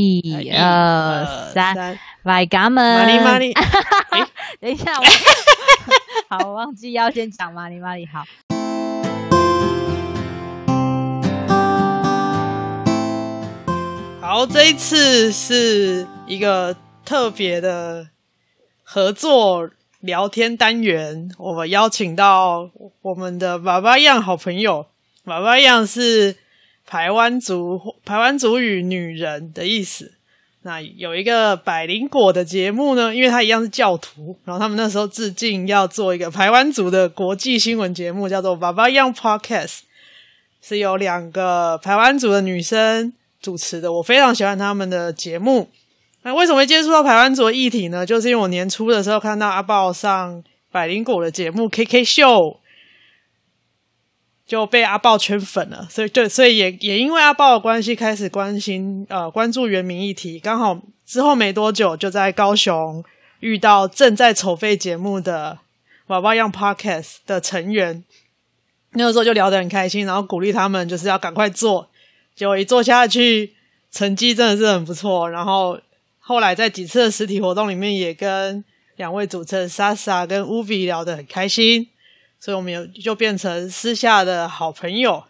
一二三，來，家們 money money 等一下， 好，我忘記要先講 money money 好，好，這一次是一個特別的合作聊天單元，我們邀請到我們的法法漾好朋友，法法漾是。台灣族，排灣族語女人的意思。那有一個百靈果的節目呢，因為它一樣是教徒，然後他們那時候致敬要做一個排灣族的國際新聞節目，叫做《法法漾 Podcast》，是由兩個排灣族的女生主持的。我非常喜歡他們的節目。那為什麼沒接觸到排灣族的議題呢？就是因為我年初的時候看到阿爆上百靈果的節目《KK 秀》。就被阿爆圈粉了，所以對，所以也也因為阿爆的關係開始關心呃關注原民議題。剛好之後沒多久就在高雄遇到正在籌備節目的法法漾 podcast 的成員，那個時候就聊得很開心，然後鼓勵他們就是要趕快做。結果一做下去，成績真的是很不錯。然後後來在幾次的實體活動裡面，也跟兩位主持人 Sasa 跟 Ubi 聊得很開心。所以，我們有就變成私下的好朋友。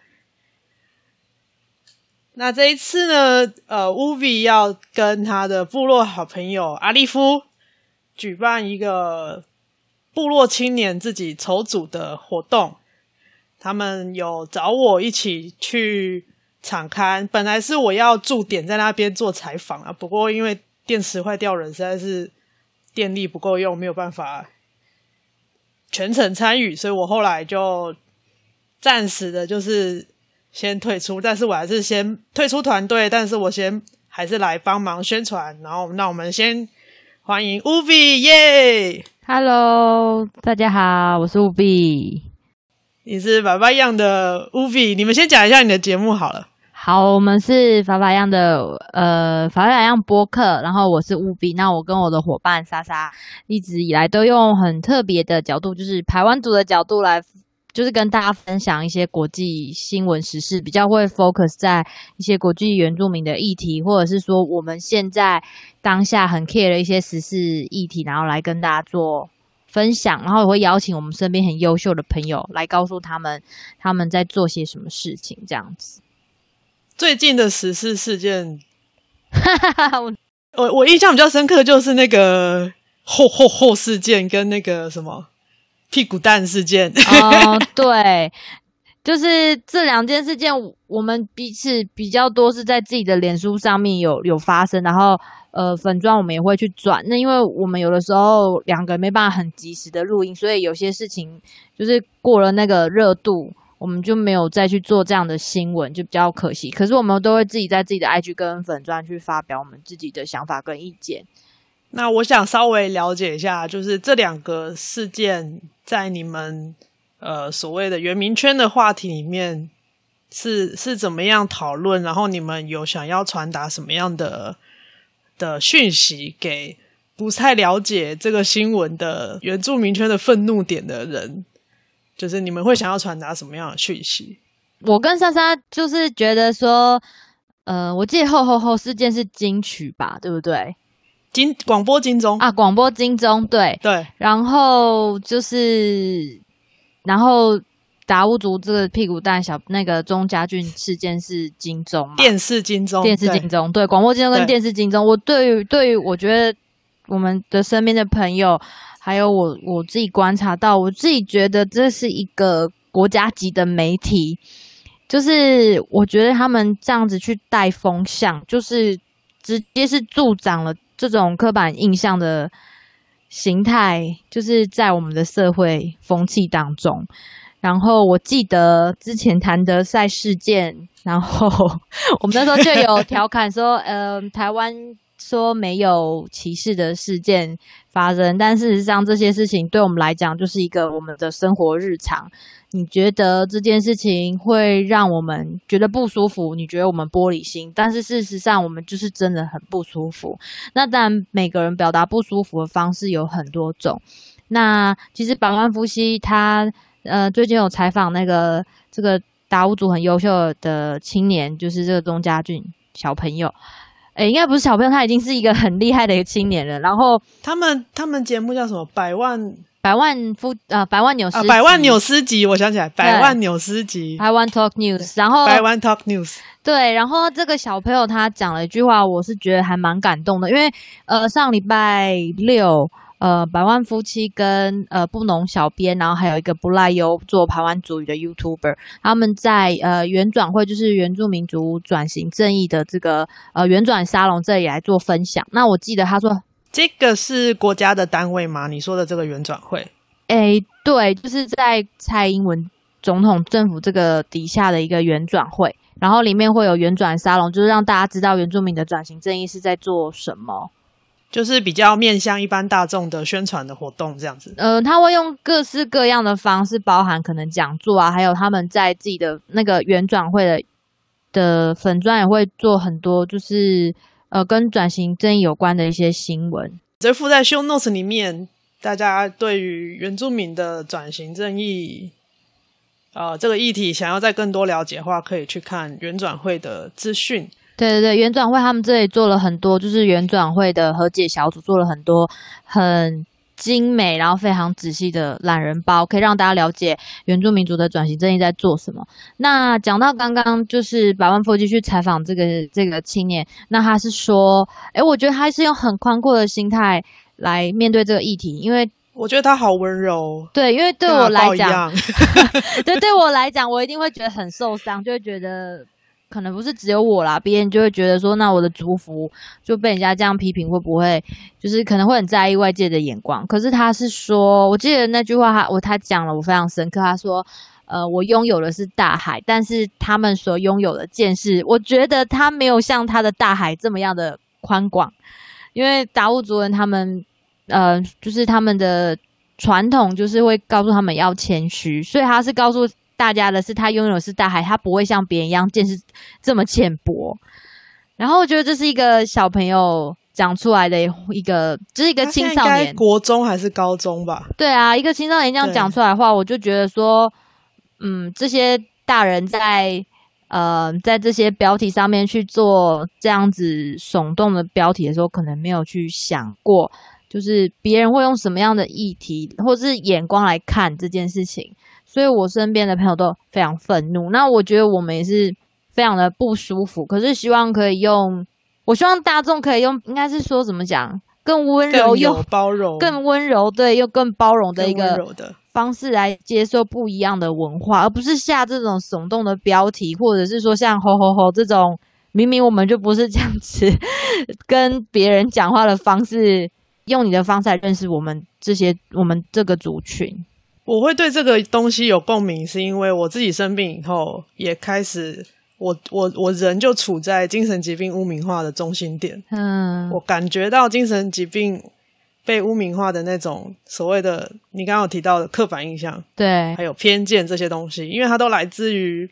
那這一次呢，呃，Ubi 要跟他的部落好朋友阿力夫舉辦一個部落青年自己籌組的活動。他們有找我一起去場勘，本來是我要駐點在那邊做採訪啊。不過，因為電池壞掉，人實在是電力不夠用，沒有辦法全程參與，所以我後來就暫時的，就是先退出。但是我還是先退出團隊，但是我先還是來幫忙宣傳。然後，那我們先歡迎烏比耶。Hello，大家好，我是烏比。你是法法漾的烏比，你們先講一下你的節目好了。好，我們是法法漾的，呃，法法漾播客。然後我是烏比，那我跟我的伙伴莎莎，一直以來都用很特別的角度，就是排灣族的角度來，就是跟大家分享一些國際新聞時事，比較會 focus 在一些國際原住民的議題，或者是說我們現在當下很 care 的一些時事議題，然後來跟大家做分享。然後也會邀請我們身邊很優秀的朋友來告訴他們他們在做些什麼事情，這樣子。最近的時事事件，哈哈 我我，我印象比較深刻就是那個“ 後後後事件”跟那個什麼“屁股蛋事件”。啊、嗯，對， 就是這兩件事件，我們彼此比較多是在自己的臉書上面有有發聲，然後呃粉專我們也會去轉。那因為我們有的時候兩個人沒辦法很及時的錄音，所以有些事情就是過了那個熱度。我們就沒有再去做這樣的新聞，就比較可惜。可是我們都會自己在自己的 IG 跟粉專去發表我們自己的想法跟意見。那我想稍微了解一下，就是這兩個事件在你們呃所謂的原民圈的話題裡面是是怎麼樣討論，然後你們有想要傳達什麼樣的的訊息給不太了解這個新聞的原住民圈的憤怒點的人？就是你們會想要傳達什麼樣的訊息？我跟莎莎就是覺得說，呃，我記得後後後是件事件是金曲吧，對不對？金廣播金鐘啊，廣播金鐘，對對。然後就是，然後達悟族這個屁股蛋小那個鐘家俊事件是金鐘嘛，電視金鐘，電視金鐘，對，廣播金鐘跟電視金鐘，對我對於對於我覺得我們的身邊的朋友。還有我我自己觀察到，我自己覺得這是一個國家級的媒體，就是我覺得他們這樣子去帶風向，就是直接是助長了這種刻板印象的形態，就是在我們的社會風氣當中。然後我記得之前譚德塞事件，然後我們那時候就有調侃說，嗯、 呃，台灣。說沒有歧視的事件發生，但事實上這些事情對我們來講就是一個我們的生活日常。你覺得這件事情會讓我們覺得不舒服？你覺得我們玻璃心？但是事實上我們就是真的很不舒服。那當然，每個人表達不舒服的方式有很多種。那其實百萬夫妻他呃最近有採訪那個這個達悟族很優秀的青年，就是這個鍾嘉俊小朋友。哎、欸，應該不是小朋友，他已經是一個很厲害的一個青年了。然後他們他們節目叫什麼？百萬百萬富，呃，百萬紐斯，百萬紐斯集，我想起來，百萬紐斯集，百萬 Talk News，然後百萬 Talk News，對，然後這個小朋友他講了一句話，我是覺得還蠻感動的，因為呃，上禮拜六。呃，百萬夫妻跟呃布農小編，然後還有一個不賴油做排灣族語的 YouTuber，他們在呃原轉會就是原住民族轉型正義的這個呃原轉沙龍這裡來做分享。那我記得他說，這個是國家的單位嗎？你說的這個原轉會？哎、欸，對，就是在蔡英文總統政府這個底下的一個原轉會，然後裡面會有原轉沙龍，就是讓大家知道原住民的轉型正義是在做什麼。就是比較面向一般大眾的宣傳的活動這樣子。呃，他會用各式各樣的方式，包含可能講座啊，還有他們在自己的那個原轉會的的粉專也會做很多，就是呃跟轉型正義有關的一些新聞。所以附在 show notes 裡面，大家對於原住民的轉型正義啊，呃，這個議題想要再更多了解的話，可以去看原轉會的資訊。對對對，原轉會他們這裡做了很多，就是原轉會的和解小組做了很多很精美，然後非常仔細的懶人包，可以讓大家了解原住民族的轉型正義在做什麼。那講到剛剛就是百萬富翁去採訪這個這個青年，那他是說，哎，我覺得他是用很寬闊的心態來面對這個議題，因為我覺得他好溫柔。對，因為對我來講， 對對我來講，我一定會覺得很受傷，就會覺得。可能不是只有我啦，別人就會覺得說，那我的族服就被人家這樣批評，會不會就是可能會很在意外界的眼光？可是他是說，我記得那句話他，他我他講了，我非常深刻。他說，呃，我擁有的是大海，但是他們所擁有的見識，我覺得他沒有像他的大海這麼樣的寬廣，因為達悟族人他們，呃，就是他們的傳統就是會告訴他們要謙虛，所以他是告訴。大家的是，他擁有的是大海，他不會像別人一樣見識這麼淺薄。然後我覺得這是一個小朋友講出來的一個，這、就是一個青少年，在在國中還是高中吧？對啊，一個青少年這樣講出來的話，對我就覺得說，嗯，這些大人在呃在這些標題上面去做這樣子聳動的標題的時候，可能沒有去想過，就是別人會用什麼樣的議題或者是眼光來看這件事情。所以我身邊的朋友都非常憤怒，那我覺得我們也是非常的不舒服。可是希望可以用，我希望大眾可以用，應該是說怎麼講，更溫柔又包容，更溫柔，對，又更包容的一個方式來接受不一樣的文化，而不是下這種聳動的標題，或者是說像吼吼吼這種，明明我們就不是這樣子 跟別人講話的方式，用你的方式來認識我們這些我們這個族群。我會對這個東西有共鳴，是因為我自己生病以後，也開始我我我人就處在精神疾病污名化的中心點。嗯，我感覺到精神疾病被污名化的那種所謂的你剛剛提到的刻板印象，對，還有偏見這些東西，因為它都來自於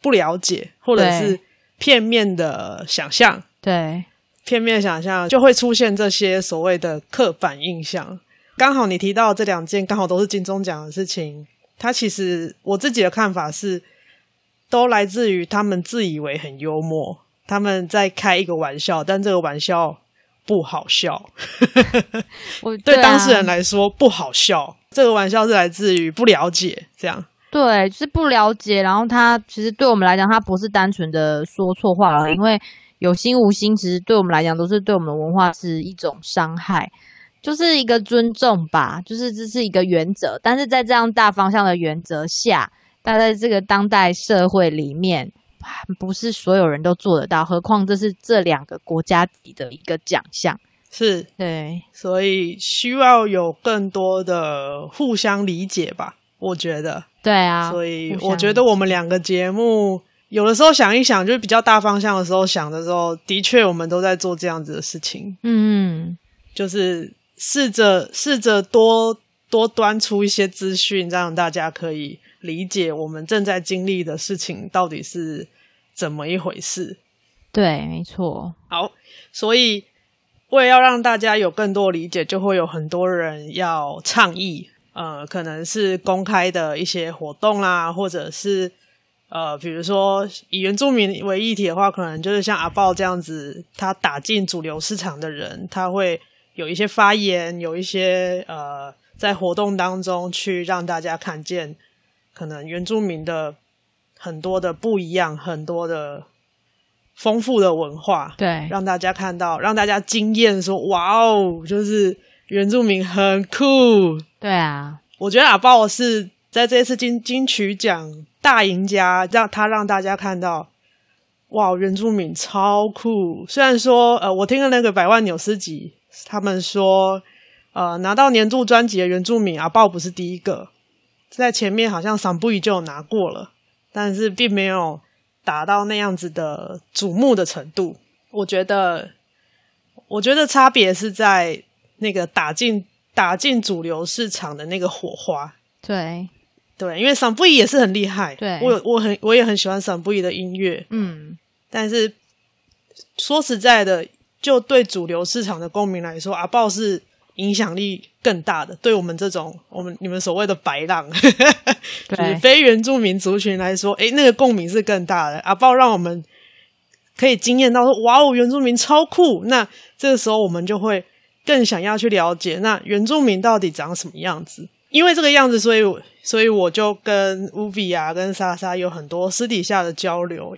不了解或者是片面的想象。對，片面想象就會出現這些所謂的刻板印象。剛好你提到這兩件，剛好都是金鐘獎的事情。他其實我自己的看法是，都來自於他們自以為很幽默，他們在開一個玩笑，但這個玩笑不好笑。 我 對當事人來說、啊、不好笑，這個玩笑是來自於不了解。這樣對是不了解，然後他其實對我們來講，他不是單純的說錯話了，因為有心無心，其實對我們來講都是對我們的文化是一種傷害。就是一個尊重吧，就是這是一個原則，但是在這樣大方向的原則下，大概這個當代社會裡面，不是所有人都做得到，何況這是這兩個國家級的一個獎項，是對，所以需要有更多的互相理解吧，我覺得，對啊，所以我覺得我們兩個節目，有的時候想一想，就是比較大方向的時候想的時候，的確我們都在做這樣子的事情，嗯，就是。試着試着多多端出一些資訊，讓大家可以理解我們正在經歷的事情到底是怎麼一回事。對，沒錯。好，所以為了讓大家有更多理解，就會有很多人要倡議，呃，可能是公開的一些活動啦、啊，或者是呃，比如說以原住民為議題的話，可能就是像阿爆這樣子，他打進主流市場的人，他會。有一些發言，有一些呃，在活動當中去讓大家看見，可能原住民的很多的不一樣，很多的豐富的文化，對，讓大家看到，讓大家驚豔，說哇哦，就是原住民很酷，對啊，我覺得阿爆是在這一次金金曲獎大贏家，讓他讓大家看到，哇，原住民超酷。雖然說呃，我聽了那個百萬紐斯集。他們說，呃，拿到年度專輯的原住民阿爆不是第一個，在前面好像桑布伊就有拿過了，但是並沒有達到那樣子的矚目的程度。我覺得，我覺得差別是在那個打進打進主流市場的那個火花，對對，因為桑布伊也是很厲害，對我有我很我也很喜歡桑布伊的音樂，嗯，但是說實在的。就對主流市場的公民來說，阿爆是影響力更大的。對我們這種我們你們所謂的白浪， 對就非原住民族群來說，誒那個共鳴是更大的。阿爆讓我們可以驚豔到說：“哇哦，原住民超酷！”那這個時候我們就會更想要去了解，那原住民到底長什麼樣子？因為這個樣子，所以所以我就跟烏比啊、跟莎莎有很多私底下的交流。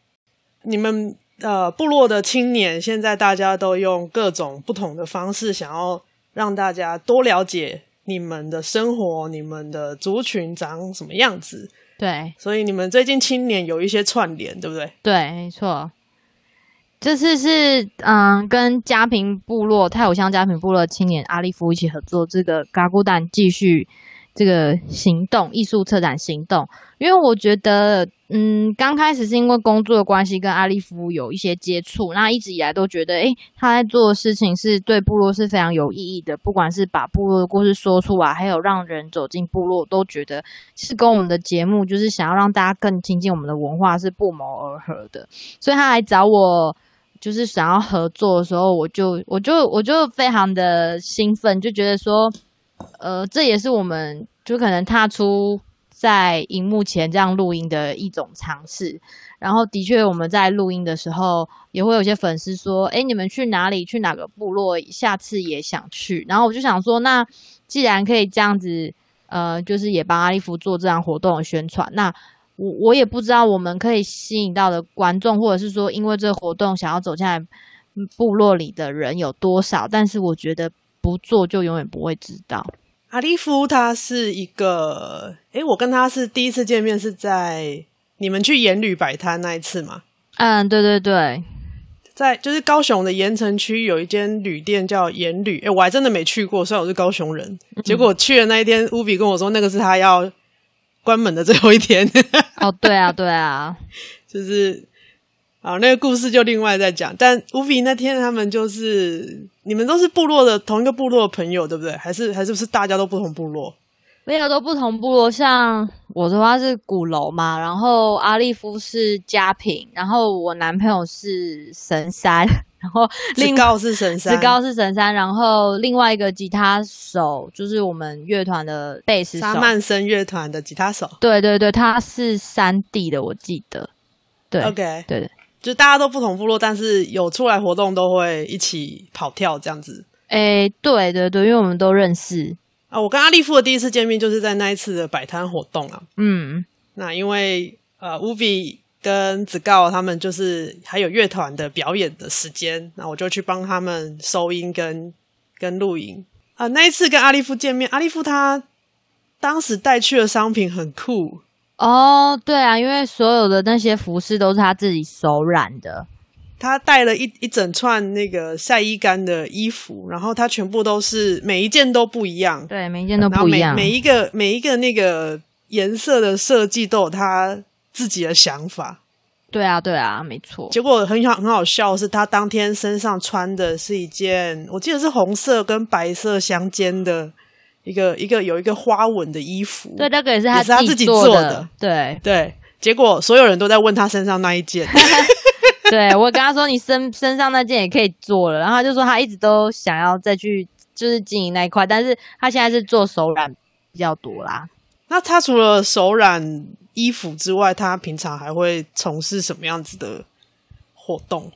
你們。呃，部落的青年，現在大家都用各種不同的方式，想要讓大家多了解你們的生活，你們的族群長什麼樣子。對，所以你們最近青年有一些串聯，對不對？對，沒錯。這次是嗯，跟佳平部落泰武鄉佳平部落青年阿力夫一起合作，這個 kakudan 祭敘這個行動藝術策展行動，因為我覺得。嗯，剛開始是因為工作的關係跟阿力夫有一些接觸，那一直以來都覺得，哎、欸，他在做的事情是對部落是非常有意義的，不管是把部落的故事說出來，還有讓人走進部落，都覺得是跟我們的節目，就是想要讓大家更親近我們的文化是不謀而合的。所以他來找我，就是想要合作的時候，我就我就我就非常的興奮，就覺得說，呃，這也是我們就可能踏出。在熒幕前這樣錄音的一種嘗試，然後的確，我們在錄音的時候也會有些粉絲說：“哎、欸，你們去哪裡？去哪個部落？下次也想去。”然後我就想說，那既然可以這樣子，呃，就是也幫阿力夫做這樣活動的宣傳，那我我也不知道我們可以吸引到的觀眾，或者是說因為這個活動想要走進來部落裡的人有多少。但是我覺得不做就永遠不會知道。阿力夫他是一個，哎，我跟他是第一次見面是在你們去鹽旅擺攤那一次嗎？嗯，對對對，在就是高雄的鹽埕區有一間旅店叫鹽旅，哎，我還真的沒去過，雖然我是高雄人。嗯、結果去的那一天，烏比跟我說那個是他要關門的最後一天。 哦，對啊，對啊，就是。啊，那個故事就另外再講。但 Ubi 那天他們就是你們都是部落的同一個部落的朋友，對不對？還是還是不是大家都不同部落？沒有，都不同部落。像我的話是古樓嘛，然後阿利夫是佳平，然後我男朋友是神山， 然後另告是神山，職高是神山，然後另外一個吉他手就是我們樂團的貝斯手曼森樂團的吉他手。對對對，他是三地的，我記得。對，OK，對，對，對。就大家都不同部落，但是有出來活動都會一起跑跳這樣子。誒、欸，對對對，因為我們都認識啊。我跟阿力夫的第一次見面就是在那一次的擺攤活動啊。嗯，那因為呃，烏比跟子高他們就是還有樂團的表演的時間，那我就去幫他們收音跟跟錄影啊。那一次跟阿力夫見面，阿力夫他當時帶去的商品很酷。哦，oh, 對啊，因為所有的那些服飾都是他自己手染的，他帶了一一整串那個曬衣杆的衣服，然後他全部都是每一件都不一樣，對，每一件都不一樣，每，每一個每一個那個顏色的設計都有他自己的想法，對啊，對啊，沒錯。結果很好很好笑，是他當天身上穿的是一件，我記得是紅色跟白色相間的。一個一個有一個花紋的衣服，對，那個也是他自己做的，做的對對。結果所有人都在問他身上那一件， 對，我跟他說你身身上那件也可以做了， 然後他就說他一直都想要再去就是經營那一塊，但是他現在是做手染比較多啦。那他除了手染衣服之外，他平常還會從事什麼樣子的活動？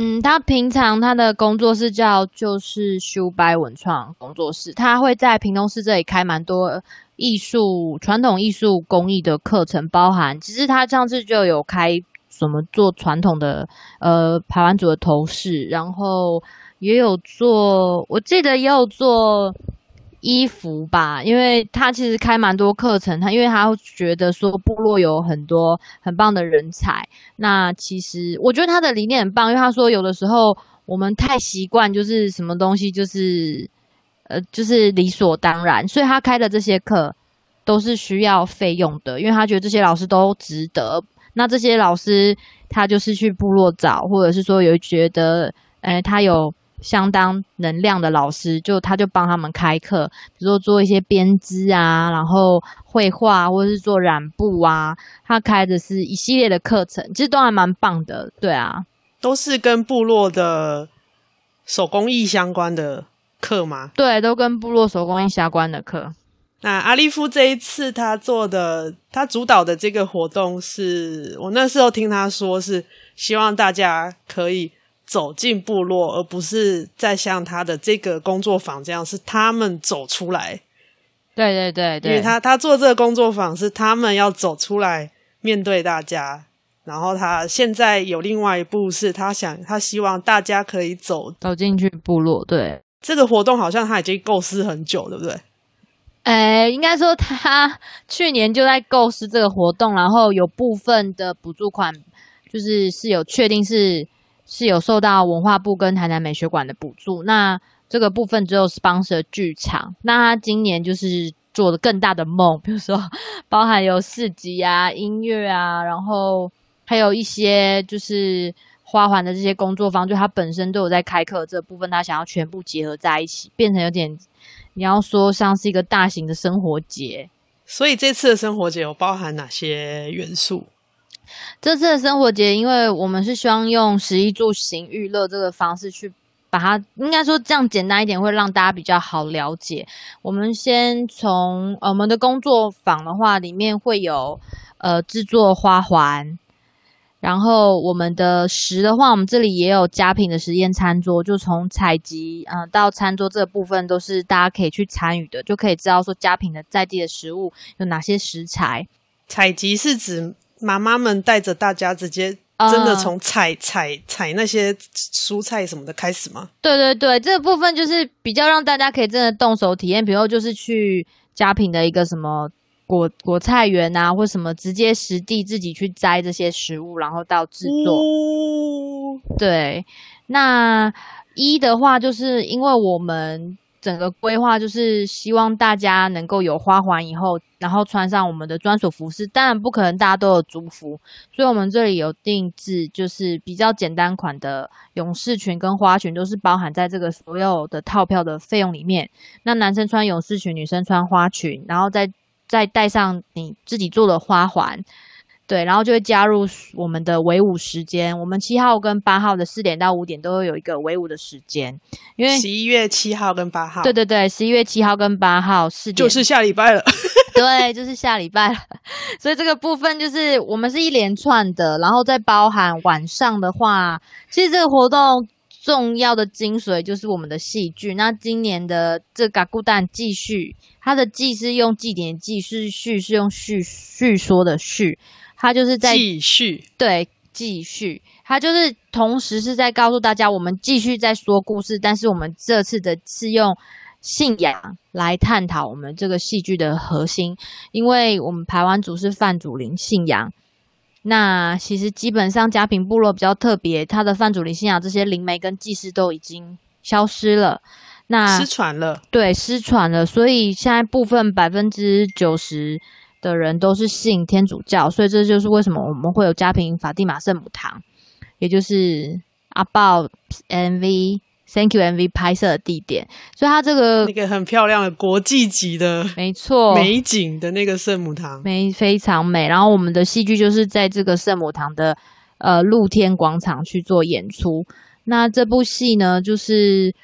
嗯，他平常他的工作室叫就是咻掰文創工作室，他會在屏東市這裡開蠻多藝術傳統藝術工藝的課程，包含其實他上次就有開什麼做傳統的呃排灣族的頭飾，然後也有做我記得也有做。衣服吧，因為他其實開蠻多課程，他因為他覺得說部落有很多很棒的人才，那其實我覺得他的理念很棒，因為他說有的時候我們太習慣就是什麼東西就是，呃，就是理所當然，所以他開的這些課都是需要費用的，因為他覺得這些老師都值得，那這些老師他就是去部落找，或者是說有覺得，誒，他有。相當能量的老師，就他就幫他們開課，比如說做一些編織啊，然後繪畫或者是做染布啊，他開的是一系列的課程，其實都還蠻棒的，對啊，都是跟部落的手工藝相關的課嗎？對，都跟部落手工藝相關的課。那阿力夫這一次他做的，他主導的這個活動是，是我那時候聽他說是希望大家可以。走進部落，而不是在像他的這個工作坊這樣，是他們走出來。對對對對，因為他他做這個工作坊是他們要走出來面對大家，然後他現在有另外一步，是他想他希望大家可以走走進去部落。對，這個活動好像他已經構思很久，對不對？哎，應該說他去年就在構思這個活動，然後有部分的補助款就是是有確定是。是有受到文化部跟台南美學館的補助，那這個部分只有 sponsor 劇場，那他今年就是做了更大的夢，比如說包含有市集啊、音樂啊，然後還有一些就是花環的這些工作坊，就他本身都有在開課，這部分他想要全部結合在一起，變成有點你要說像是一個大型的生活節，所以這次的生活節有包含哪些元素？這次的生活節，因為我們是希望用食衣住行娛樂這個方式去把它，應該說這樣簡單一點，會讓大家比較好了解。我們先從、呃、我們的工作坊的話，裡面會有呃制作花環，然後我們的食的話，我們這裡也有佳平的實驗餐桌，就從採集啊、呃、到餐桌這個部分都是大家可以去參與的，就可以知道說佳平的在地的食物有哪些食材。採集是指？媽媽們帶着大家直接真的從採採採那些蔬菜什麼的開始嗎？對對對，這個部分就是比較讓大家可以真的動手體驗，比如就是去佳平的一個什麼果果菜園啊，或什麼直接實地自己去摘這些食物，然後到制作。Uh. 對，那一的話就是因為我們。整個規劃就是希望大家能夠有花環以後，然後穿上我們的專屬服飾。當然不可能大家都有族服，所以我們這裡有定制，就是比較簡單款的勇士裙跟花裙，都是包含在這個所有的套票的費用裡面。那男生穿勇士裙，女生穿花裙，然後再再帶上你自己做的花環。對，然後就會加入我們的圍舞時間。我們七號跟八號的四點到五點都會有一個圍舞的時間，因為十一月七號跟八號，對對對，十一月七號跟八號四點，就是下禮拜了。 對，就是下禮拜了。所以這個部分就是我們是一連串的，然後再包含晚上的話。其實這個活動重要的精髓就是我們的戲劇。那今年的這個 kakudan 祭・敘，它的「祭」是用祭典的「祭」，「敘」是續，是用“敘”敘說的“敘”。他就是在繼續，對，繼續。他就是同時是在告訴大家，我們繼續在說故事，但是我們這次的是用信仰來探討我們這個戲劇的核心，因為我們排灣族是泛祖靈信仰。那其實基本上佳平部落比較特別，他的泛祖靈信仰這些靈媒跟祭師都已經消失了，那失傳了，對，失傳了。所以現在部分百分之九十。的人都是信天主教，所以這就是為什麼我們會有佳平法蒂瑪聖母堂，也就是阿爆 MV Thank You MV 拍攝的地點。所以它這個一個很漂亮的國際級的，沒錯，美景的那個聖母堂，美非常美。然後我們的戲劇就是在這個聖母堂的呃露天廣場去做演出。那這部戲呢，就是。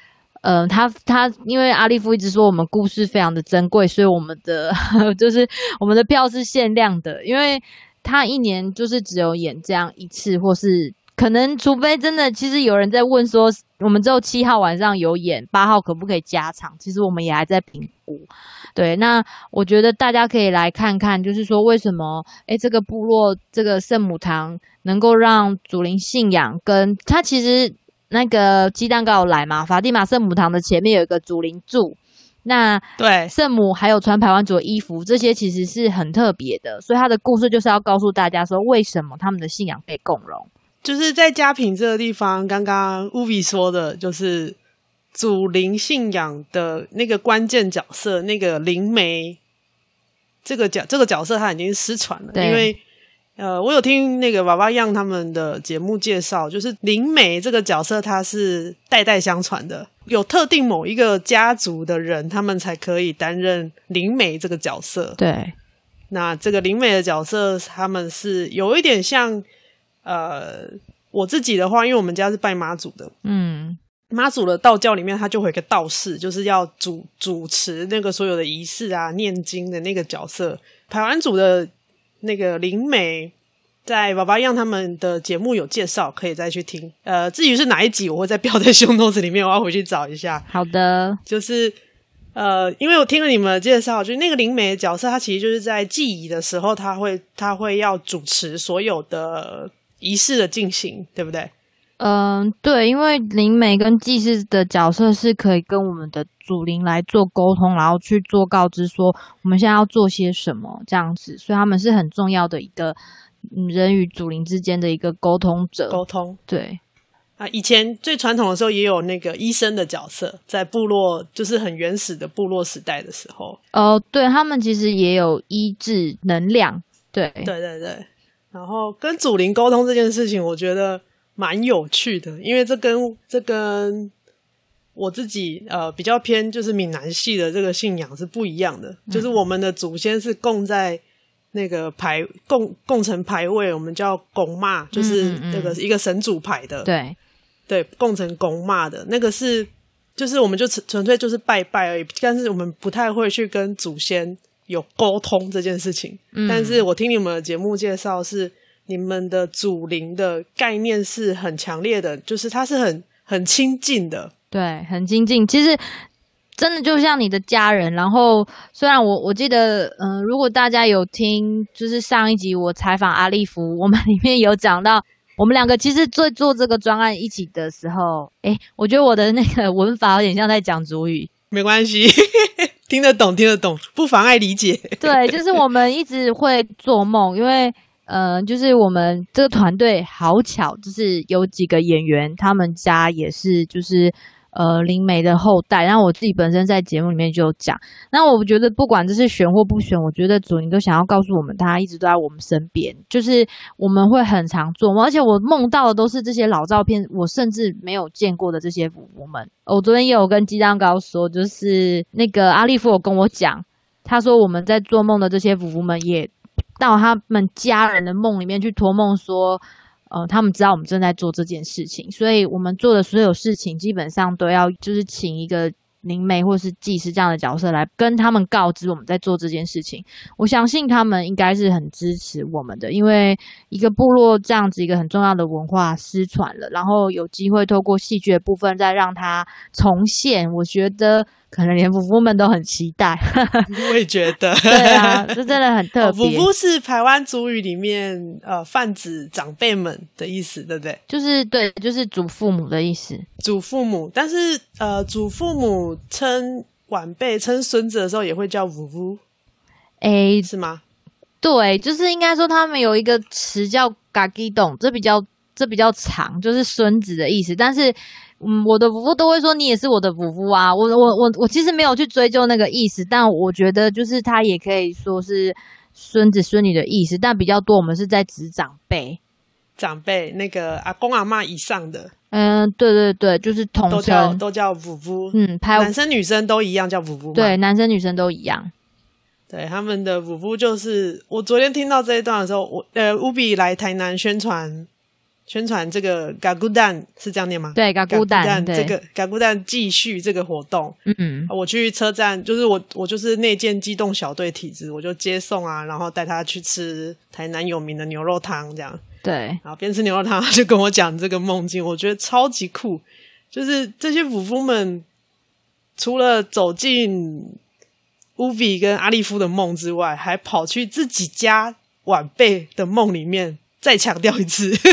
嗯、呃，他他因為阿力夫一直說我們故事非常的珍貴，所以我們的呵呵就是我們的票是限量的，因為他一年就是只有演這樣一次，或是可能除非真的，其實有人在問說我們只有七號晚上有演，八號可不可以加場？其實我們也還在評估。對，那我覺得大家可以來看看，就是說為什麼誒、欸、這個部落這個聖母堂能夠讓祖靈信仰跟他其實。那個雞蛋糕有來嗎？法蒂瑪聖母堂的前面有一個祖靈柱，那對聖母還有穿排灣族衣服，對這些其實是很特別的。所以他的故事就是要告訴大家說，為什麼他們的信仰被共融，就是在佳平這個地方，剛剛 Ubi 說的就是祖靈信仰的那個關鍵角色，那個靈媒這個角，這個角色他已經失傳了，對因為。呃，我有聽那個法法漾他們的節目介紹，就是靈媒這個角色，他是代代相傳的，有特定某一個家族的人，他們才可以擔任靈媒這個角色。對，那這個靈媒的角色，他們是有一點像，呃，我自己的話，因為我們家是拜媽祖的，嗯，媽祖的道教裡面，他就會有個道士，就是要主主持那個所有的儀式啊、念經的那個角色，排灣族的。那個靈媒在《法法漾》他們的節目有介紹，可以再去聽。呃，至於是哪一集，我會再標在胸兜子裡面，我要回去找一下。好的，就是呃，因為我聽了你們的介紹，就那個靈媒角色，他其實就是在祭儀的時候，他會他會要主持所有的儀式的進行，對不對？嗯，對，因為靈媒跟祭司的角色是可以跟我們的祖靈來做溝通，然後去做告知，說我們現在要做些什麼這樣子，所以他們是很重要的一個人與祖靈之間的一個溝通者。溝通。對啊，以前最傳統的時候也有那個醫生的角色，在部落就是很原始的部落時代的時候，哦、嗯，對，他們其實也有醫治能量，對，對對對，然後跟祖靈溝通這件事情，我覺得。蠻有趣的，因為這跟這跟我自己呃比較偏就是閩南系的這個信仰是不一樣的。嗯、就是我們的祖先是供在那個牌共共成牌位，我們叫公媽就是那個嗯嗯是一個神主牌的。對對，共成公媽的那個是，就是我們就純純粹就是拜拜而已。但是我們不太會去跟祖先有溝通這件事情。嗯、但是我聽你們的節目介紹是。你們的祖靈的概念是很強烈的，就是它是很很親近的，對，很親近。其實真的就像你的家人。然後雖然我我記得，嗯、呃，如果大家有聽，就是上一集我採訪阿力夫，我們裡面有講到，我們兩個其實在做這個專案一起的時候，誒我覺得我的那個文法有點像在講族語，沒關係， 聽得懂，聽得懂，不妨礙理解。對，就是我們一直會做夢， 因為。呃，就是我們這個團隊好巧，就是有幾個演員，他們家也是就是，呃，靈媒的後代。然後我自己本身在節目裡面就有講，那我覺得不管這是選或不選，我覺得主人都想要告訴我們，他一直都在我們身邊，就是我們會很常做夢，而且我夢到的都是這些老照片，我甚至沒有見過的這些夫們、哦。我昨天也有跟雞蛋糕說，就是那個阿力夫有跟我講，他說我們在做夢的這些夫婦們也。到他們家人的夢裡面去托夢，說，呃，他們知道我們正在做這件事情，所以我們做的所有事情基本上都要就是請一個靈媒或是祭師這樣的角色來跟他們告知我們在做這件事情。我相信他們應該是很支持我們的，因為一個部落這樣子一個很重要的文化失傳了，然後有機會透過戲劇的部分再讓它重現，我覺得。可能連夫婦們都很期待，我也覺得， 對啊，這真的很特別哦。夫婦是排灣族語裡面呃，泛指長輩們的意思，對不對？就是對，就是祖父母的意思，祖父母。但是呃，祖父母稱晚輩稱孫子的時候，也會叫夫婦，哎、欸，是嗎？對，就是應該說他們有一個詞叫嘎吉董，這比較這比較長，就是孫子的意思。但是嗯，我的夫夫都會說你也是我的夫夫啊。我我我我其實沒有去追究那個意思，但我覺得就是他也可以說是孫子孫女的意思，但比較多我們是在指長輩，長輩那個阿公阿嬤以上的。嗯，對對對，就是統稱都叫夫夫。伯伯嗯，拍男生女生都一樣叫夫夫。對，男生女生都一樣。對，他們的夫夫就是我昨天聽到這一段的時候，我呃，Ubi 來台南宣傳。宣傳這個嘎咕蛋是這樣念嗎？對，嘎咕蛋，這個嘎咕蛋繼續這個活動。嗯嗯、啊，我去車站，就是我我就是內建機動小隊體質，我就接送啊，然後帶他去吃台南有名的牛肉湯，這樣。對，然後邊吃牛肉湯，他就跟我講這個夢境，我覺得超級酷。就是這些武夫們，除了走進烏比跟阿力夫的夢之外，還跑去自己家晚輩的夢裡面。再強調一次。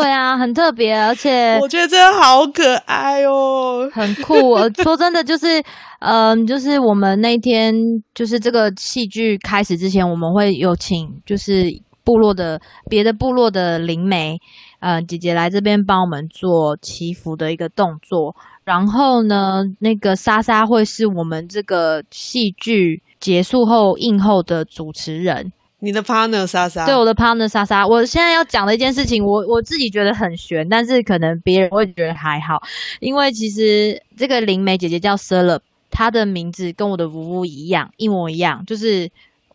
對啊，很特別，而且我覺得真的好可愛哦，很酷。說真的，就是，嗯、 呃，就是我們那一天就是這個戲劇開始之前，我們會有請就是部落的別的部落的靈媒，嗯、呃，姐姐來這邊幫我們做祈福的一個動作。然後呢，那個莎莎會是我們這個戲劇結束後映後的主持人。你的 partner 莎莎，對我的 partner 莎莎，我現在要講的一件事情，我我自己覺得很玄，但是可能別人會覺得還好，因為其實這個靈媒姐姐叫 Sirup，她的名字跟我的嗚嗚一樣，一模一樣，就是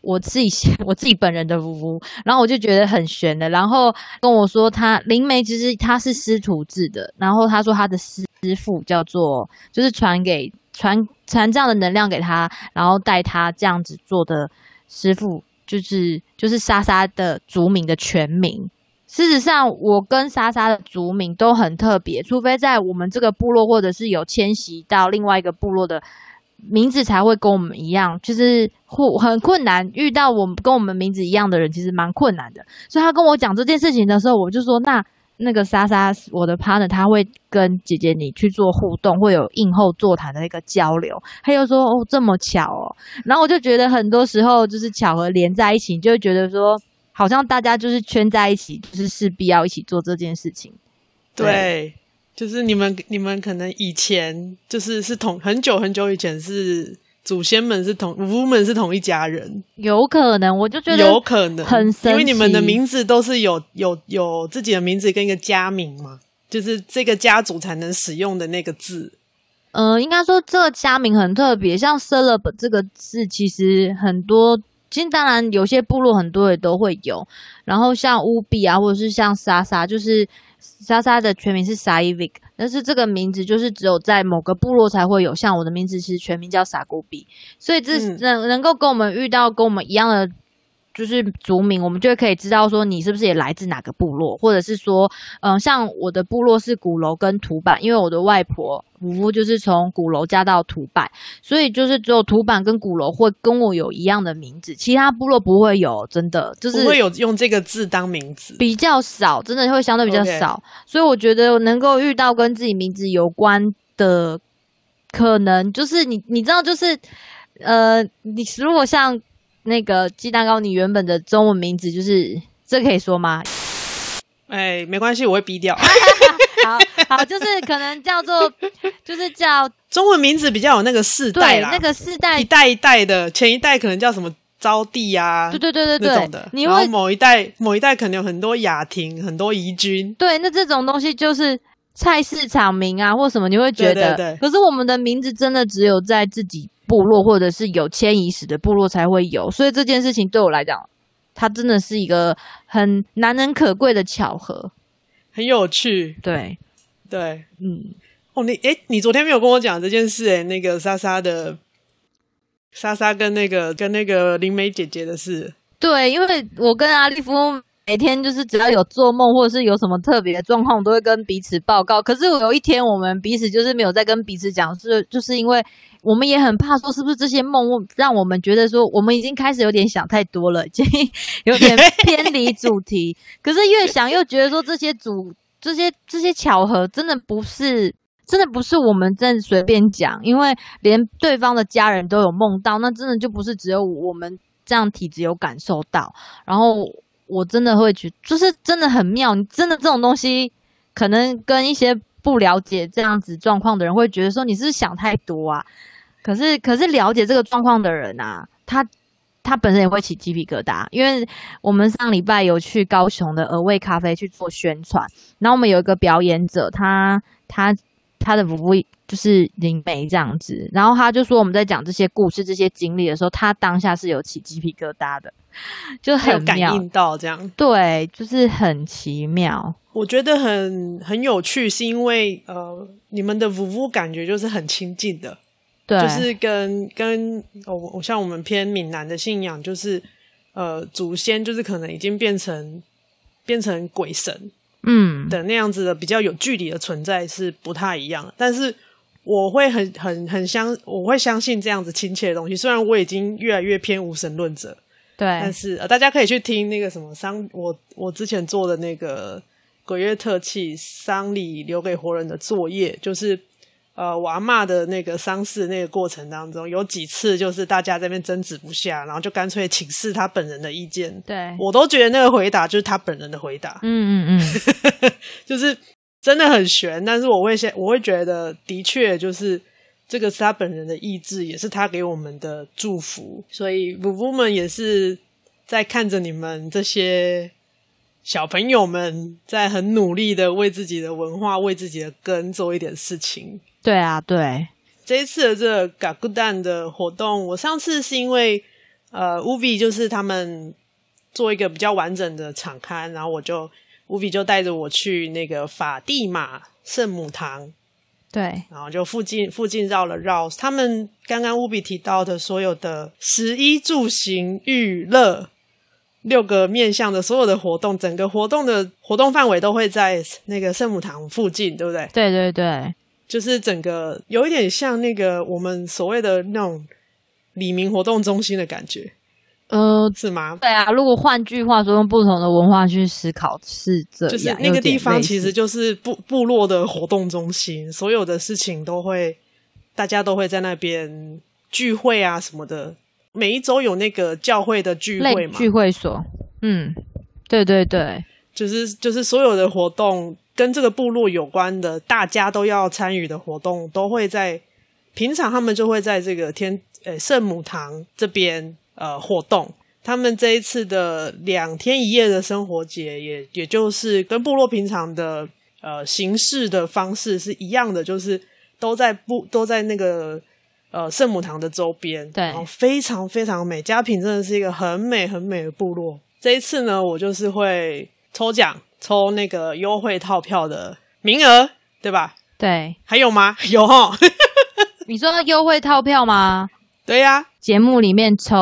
我自己我自己本人的嗚嗚，u, 然後我就覺得很玄的，然後跟我說她靈媒其實她是師徒制的，然後她說她的師父叫做就是傳給傳傳這樣的能量給她，然後帶她這樣子做的師父。就是就是莎莎的族名的全名。事實上，我跟莎莎的族名都很特別，除非在我們這個部落，或者是有遷徙到另外一個部落的名字才會跟我們一樣，就是很困難遇到我們跟我們名字一樣的人，其實蠻困難的。所以他跟我講這件事情的時候，我就說那。那個莎莎，我的 partner，他會跟姐姐你去做互動，會有演後座談的一個交流。她又說：“哦，這麼巧哦。”然後我就覺得很多時候就是巧合連在一起，就會覺得說，好像大家就是圈在一起，就是勢必要一起做這件事情。對，對，就是你們，你們可能以前就是是同很久很久以前是。祖先們是同，烏們是同一家人，有可能，我就覺得很神奇。有可能，很因為你們的名字都是有有有自己的名字跟一個家名嘛，就是這個家族才能使用的那個字。呃，應該說這個家名很特別，像 celebr 這個字，其實很多，其實當然有些部落很多也都會有。然後像 Ubi 啊，或者是像莎莎，就是。莎莎的全名是 Savik，但是這個名字就是只有在某個部落才會有，像我的名字是全名叫傻古比，所以這能、嗯、能夠跟我們遇到跟我們一樣的。就是族名，我們就可以知道說你是不是也來自哪個部落，或者是說，嗯，像我的部落是古樓跟土坂，因為我的外婆五父就是從古樓嫁到土坂，所以就是只有土坂跟古樓會跟我有一樣的名字，其他部落不會有，真的就是會有用這個字當名字比較少，真的會相對比較少，Okay. 所以我覺得能夠遇到跟自己名字有關的可能，就是你你知道就是，呃，你如果像。那個雞蛋糕，你原本的中文名字就是，這可以說嗎？哎，沒關係，我會逼掉啊。 好，好，就是可能叫做，就是叫中文名字比較有那個世代啦。對，那個世代一代一代的，前一代可能叫什麼招娣呀？對對對對對。那種的，然後某一代，會某一代可能有很多雅婷，很多怡君。對，那這種東西就是菜市場名啊，或什麼，你會覺得。對對對。可是我們的名字真的只有在自己。部落或者是有遷移史的部落才會有，所以這件事情對我來講，它真的是一個很難能可貴的巧合，很有趣。對，對，嗯，哦，你誒，你昨天沒有跟我講這件事誒，那個莎莎的，莎莎跟那個跟那個靈媒姐姐的事，對，因為我跟阿力夫。每天就是只要有做夢，或者是有什麼特別的狀況，我都會跟彼此報告。可是我有一天，我們彼此就是沒有在跟彼此講，是，就是因為我們也很怕說，是不是這些夢讓我們覺得說，我們已經開始有點想太多了，已經有點偏離主題。 可是越想又覺得說這組，這些組這些這些巧合，真的不是真的不是我們在隨便講，因為連對方的家人都有夢到，那真的就不是只有我們這樣體質有感受到，然後。我真的會覺，就是真的很妙。你真的這種東西，可能跟一些不了解這樣子狀況的人，會覺得說你是不是想太多啊？可是可是了解這個狀況的人啊，他他本身也會起雞皮疙瘩。因為我們上禮拜有去高雄的鵝味咖啡，去做宣傳，然後我們有一個表演者，他他。他的 vuvu 就是靈媒這樣子，然後他就說我們在講這些故事、這些經歷的時候，他當下是有起雞皮疙瘩的，就很有感應到這樣。對，就是很奇妙。我覺得很很有趣，是因為呃，你們的 vuvu 感覺就是很親近的，對就是跟跟我我、哦、像我們偏閩南的信仰，就是呃祖先就是可能已經變成變成鬼神。嗯，的那樣子的比較有距離的存在是不太一樣，但是我會很很很相，我會相信這樣子親切的東西。雖然我已經越來越偏無神論者，對，但是，呃，大家可以去聽那個什麼喪，我我之前做的那個《鬼月特企，喪禮》，留給活人的作業就是。呃，阿嬤的那個喪事那個過程當中，有幾次就是大家這邊爭執不下，然後就乾脆請示他本人的意見。對，我都覺得那個回答就是他本人的回答。嗯嗯嗯， 就是真的很玄，但是我會先，我會覺得的確就是這個是他本人的意志，也是他給我們的祝福。所以，vuvu 們也是在看着你們這些小朋友們在很努力的為自己的文化、為自己的根做一點事情。對啊，對這一次的這個 kakudan 的活動，我上次是因為呃，Ubi 就是他們做一個比較完整的場刊，然後我就 Ubi 就帶着我去那個法蒂瑪聖母堂，對，然後就附近附近繞了繞。他們剛剛 Ubi 提到的所有的食衣住行娛樂六個面向的所有的活動，整個活動的活動範圍都會在那個聖母堂附近，對不對？對對對。就是整個有一點像那個我們所謂的那種里民活動中心的感覺，嗯、呃，是嗎？對啊，如果換句話說，用不同的文化去思考，是這樣。就是那個地方其實就是部似部落的活動中心，所有的事情都會，大家都會在那邊聚會啊什麼的。每一周有那個教會的聚會嘛？聚會所，嗯，對對對，就是就是所有的活動。跟這個部落有關的，大家都要參與的活動，都會在平常，他們就會在這個天呃、欸、聖母堂這邊呃活動。他們這一次的兩天一夜的生活節也，也也就是跟部落平常的呃形式的方式是一樣的，就是都在部，都在那個呃聖母堂的周邊，對然後非常非常美。佳平真的是一個很美很美的部落。這一次呢，我就是會抽獎。抽那個優惠套票的名額，對吧？對，還有嗎？有哈、哦。 你說那優惠套票嗎？對呀、啊。節目裡面抽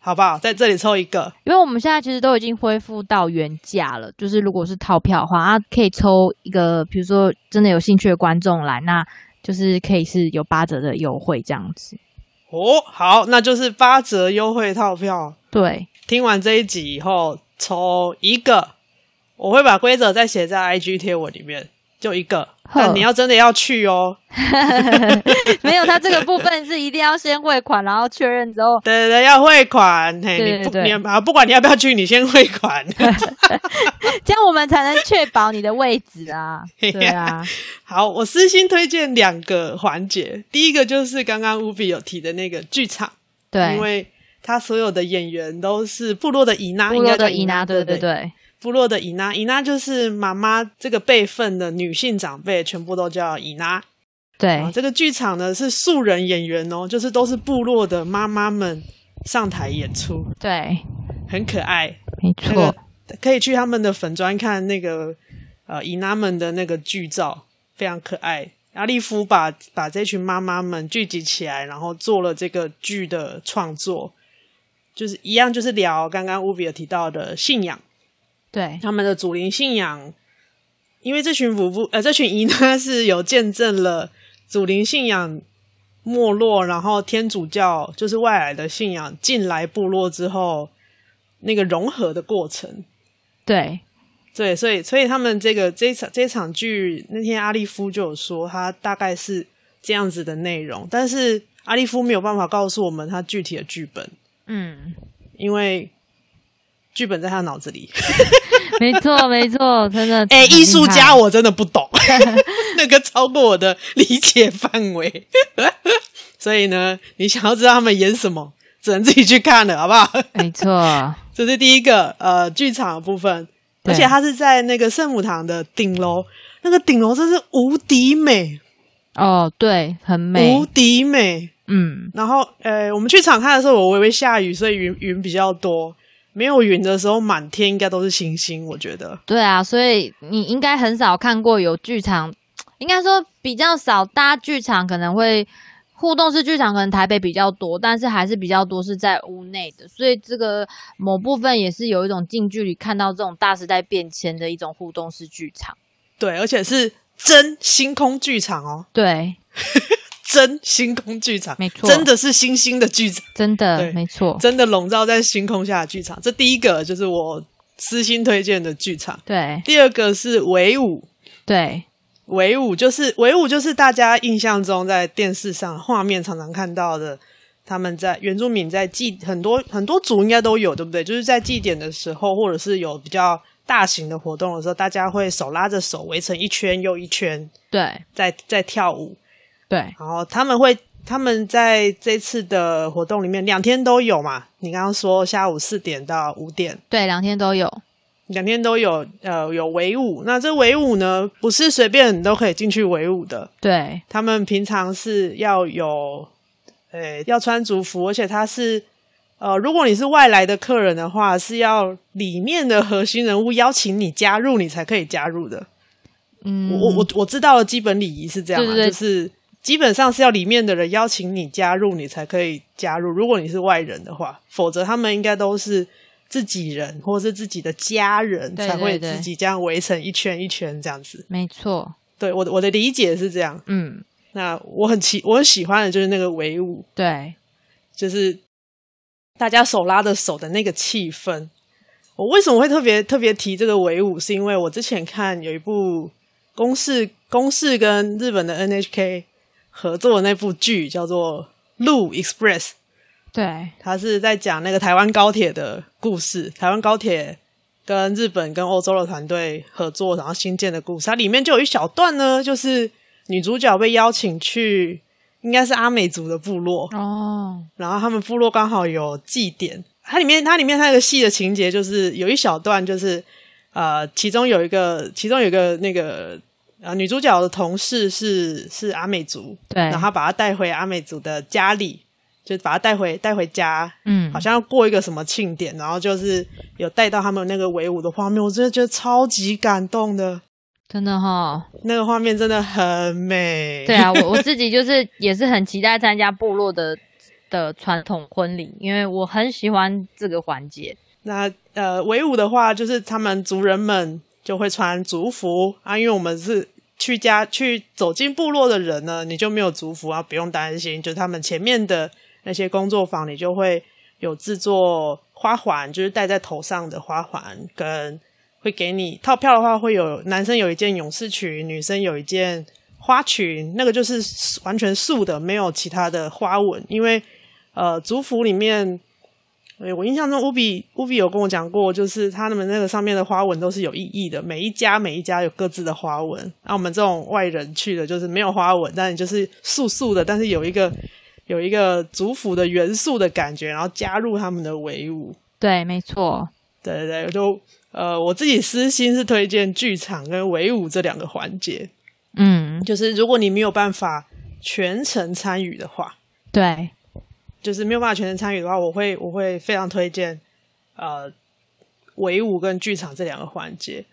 好不好？在這裡抽一個，因為我們現在其實都已經恢復到原價了。就是如果是套票的話，啊，可以抽一個，比如說真的有興趣的觀眾來，那就是可以是有八折的優惠這樣子。哦，好，那就是八折優惠套票。對，聽完這一集以後，抽一個。我會把規則再寫在 IG 貼文裡面，就一個。那呵你要真的要去哦、喔。 沒有，他這個部分是一定要先匯款， 然後確認之後。對對對，要匯款。你不管你要不要去，你先匯款。 這樣我們才能確保你的位置啊。對啊。 好，我私心推薦兩個環節。第一個就是剛剛 Ubi 有提的那個劇場。對。因為他所有的演員都是部落的姨媽，部落應該叫姨媽。對對對。對對對部落的伊娜，伊娜就是媽媽這個輩分的女性長輩，全部都叫伊娜。對，這個劇場呢是素人演員哦，就是都是部落的媽媽們上台演出。對，很可愛，沒錯，那個，可以去他們的粉專看那個呃伊娜們的那個劇照，非常可愛。阿力夫把把這群媽媽們聚集起來，然後做了這個劇的創作，就是一樣，就是聊剛剛 Ubi 有提到的信仰。對，他們的祖靈信仰，因為這群 vuvu 呃，這群姨呢是有見證了祖靈信仰沒落，然後天主教就是外來的信仰進來部落之後那個融合的過程。對，對，所以，所以他們這個這一場這一場劇，那天阿力夫就有說，他大概是這樣子的內容，但是阿力夫沒有辦法告訴我們他具體的劇本。嗯，因為劇本在他腦子裡。 沒錯，沒錯，真的。哎誒，藝術家我真的不懂， 那個超過我的理解範圍。 所以呢，你想要知道他們演什麼，只能自己去看了，好不好？沒錯，這是第一個呃，劇場的部分。而且它是在那個聖母堂的頂樓，那個頂樓真是無敵美哦，對，很美，無敵美。嗯，然後呃，我們劇場看的時候，我微微下雨，所以雲雲比較多。沒有雲的時候，滿天應該都是星星。我覺得。對啊，所以你應該很少看過有劇場，應該說比較少搭劇場，可能會互動式劇場可能台北比較多，但是還是比較多是在屋內的。所以這個某部分也是有一種近距離看到這種大時代變遷的一種互動式劇場。對，而且是真星空劇場哦。對。 真星空劇場，沒錯，真的是星星的劇場，真的，對沒錯，真的籠罩在星空下的劇場，這第一個就是我私心推薦的劇場。對，第二個是圍舞，對，圍舞就是圍舞就是大家印象中在電視上畫面常常看到的，他們在原住民在祭，很多很多族應該都有，對不對？就是在祭典的時候，或者是有比較大型的活動的時候，大家會手拉着手圍成一圈又一圈，對，在在跳舞。對，然後他們會他們在這次的活動裡面兩天都有嘛？你剛剛說下午四點到五點，對，兩天都有，兩天都有，呃，有圍舞。那這圍舞呢，不是隨便你都可以進去圍舞的。對，他們平常是要有，呃、欸，要穿族服，而且他是，呃，如果你是外來的客人的話，是要裡面的核心人物邀請你加入，你才可以加入的。嗯，我我我知道的基本禮儀是這樣嘛，對對對，就是。基本上是要裡面的人邀請你加入，你才可以加入。如果你是外人的話，否則他們應該都是自己人，或者是自己的家人對對對，才會自己這樣圍成一圈一圈這樣子。沒錯錯，對，我我的理解是這樣。嗯，那我很喜我很喜歡的就是那個圍舞，對，就是大家手拉着手的那個氣氛。我為什麼會特別特別提這個圍舞？是因為我之前看有一部公視公視跟日本的 NHK，合作的那部劇叫做《路 Express》。對，它是在講那個台灣高鐵的故事，台灣高鐵跟日本跟歐洲的團隊合作，然後興建的故事。它裡面就有一小段呢，就是女主角被邀請去，應該是阿美族的部落哦。然後他們部落剛好有祭典，它裡面它裡面它那個戲的情節就是有一小段，就是呃，其中有一個，其中有一個那個。呃，女主角的同事是是阿美族，對，然後他把她帶回阿美族的家裡，就把她帶回帶回家，嗯，好像要過一個什麼慶典，然後就是有帶到他們那個圍舞的畫面，我真的覺得超級感動的，真的哈、哦，那個畫面真的很美。對啊，我我自己就是也是很期待參加部落的的傳統婚禮， 因為我很喜歡這個環節。那呃，圍舞的話，就是他們族人們就會穿族服啊，因為我們是。去家去走進部落的人呢，你就沒有族服啊，不用擔心。就是他們前面的那些工作坊，你就會有製作花環，就是戴在頭上的花環，跟會給你套票的話，會有男生有一件勇士裙，女生有一件花裙，那個就是完全素的，沒有其他的花紋，因為呃族服裡面。對，我印象中烏比烏比有跟我講過，就是他們那個上面的花紋都是有意義的，每一家每一家有各自的花紋。那、啊、我們這種外人去的，就是沒有花紋，但是就是素素的，但是有一個有一個族服的元素的感覺，然後加入他們的圍舞。對，沒錯。對對對，就呃，我自己私心是推薦劇場跟圍舞這兩個環節。嗯，就是如果你沒有辦法全程參與的話，對。就是沒有辦法全程參與的話，我會我會非常推薦，呃，圍舞跟劇場這兩個環節。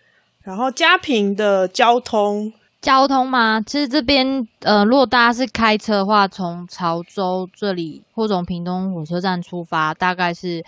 然後佳平的交通交通嗎？其實這邊呃，如果大家是開車的話，從潮州這裡或從屏東火車站出發，大概是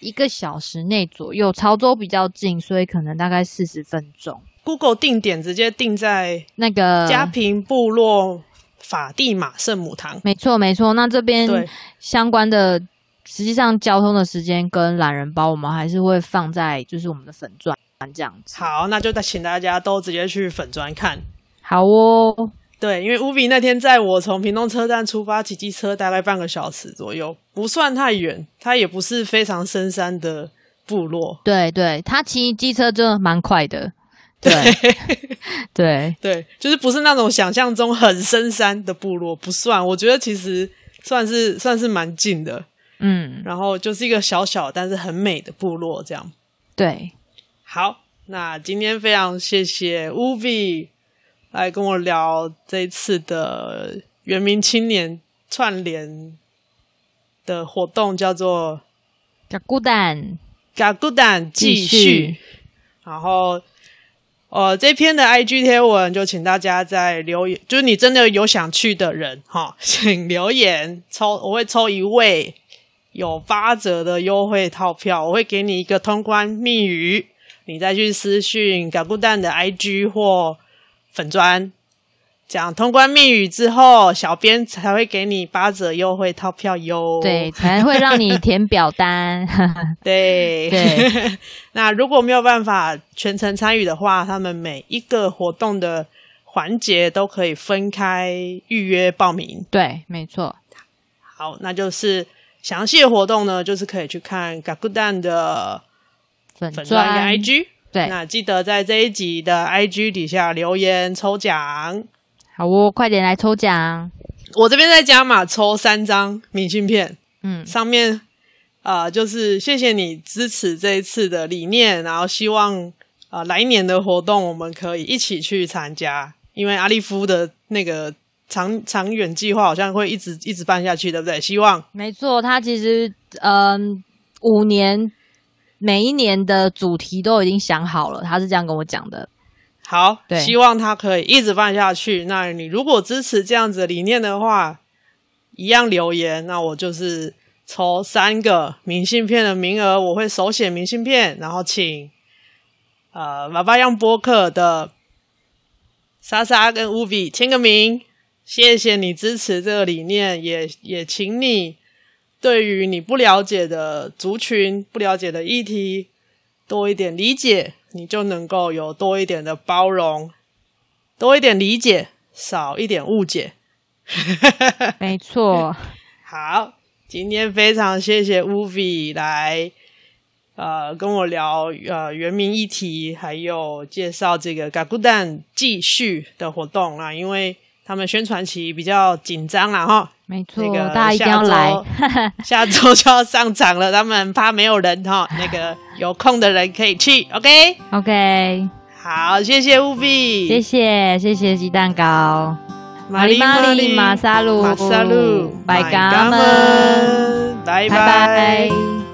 一個小時內左右。潮州比較近，所以可能大概四十分鐘。Google 定點直接定在那個佳平部落。法蒂瑪聖母堂，沒錯沒錯。那這邊相關的，對實際上交通的時間跟懶人包，我們還是會放在就是我們的粉專這樣子。好，那就請大家都直接去粉專看。好哦，對，因為烏比那天在我從屏東車站出發，騎機車大概半個小時左右，不算太遠，它也不是非常深山的部落。對對，他騎機車真的蠻快的。對對對， 對對就是不是那種想象中很深山的部落，不算。我覺得其實算是算是蠻近的，嗯。然後就是一個小小但是很美的部落，這樣。對，好，那今天非常謝謝烏比來跟我聊這一次的原民青年串聯的活動，叫做 “kakudan。kakudan 繼續，繼續然後。哦、呃，這篇的 IG 貼文就請大家在留言，就是你真的有想去的人哈，請留言抽，我會抽一位有八折的優惠套票，我會給你一個通關密語，你再去私訊 kakudan 的 IG 或粉專。講通關密語之後，小編才會給你八折優惠套票喲。對，才會讓你填表單。對 對。對 那如果沒有辦法全程參與的話，他們每一個活動的環節都可以分開預約報名。對，沒錯。好，那就是詳細的活動呢，就是可以去看 kakudan 的粉專的 IG。對，那記得在這一集的 IG 底下留言抽獎。好哦，我快點來抽獎、啊！我這邊在加碼抽三張明信片，嗯，上面啊、呃、就是謝謝你支持這一次的理念，然後希望啊、呃、來年的活動我們可以一起去參加，因為阿力夫的那個長長遠計劃好像會一直一直辦下去，對不對？希望沒錯，他其實嗯、呃，五年每一年的主題都已經想好了，他是這樣跟我講的。好，對希望他可以一直辦下去。那你如果支持這樣子理念的話，一樣留言。那我就是抽三個明信片的名額，我會手寫明信片，然後請呃，法法漾播客的莎莎跟烏比簽個名。謝謝你支持這個理念，也也請你對於你不了解的族群、不了解的議題，多一點理解。你就能夠有多一點的包容，多一點理解，少一點誤解。 沒錯錯，好，今天非常謝謝 Ubi 來，呃，跟我聊呃原民議題，還有介紹這個 kakudan 祭敘的活動啊，因為他們宣傳期比較緊張啦。哈。沒錯錯，那個大家要來， 下周就要上場了，他們怕沒有人哈，那個。有空的人可以去，OK，OK，okay? Okay. 好，謝謝 Ubi 謝謝。謝謝謝謝雞蛋糕，瑪麗瑪麗瑪莎露瑪莎露，拜們り，拜拜。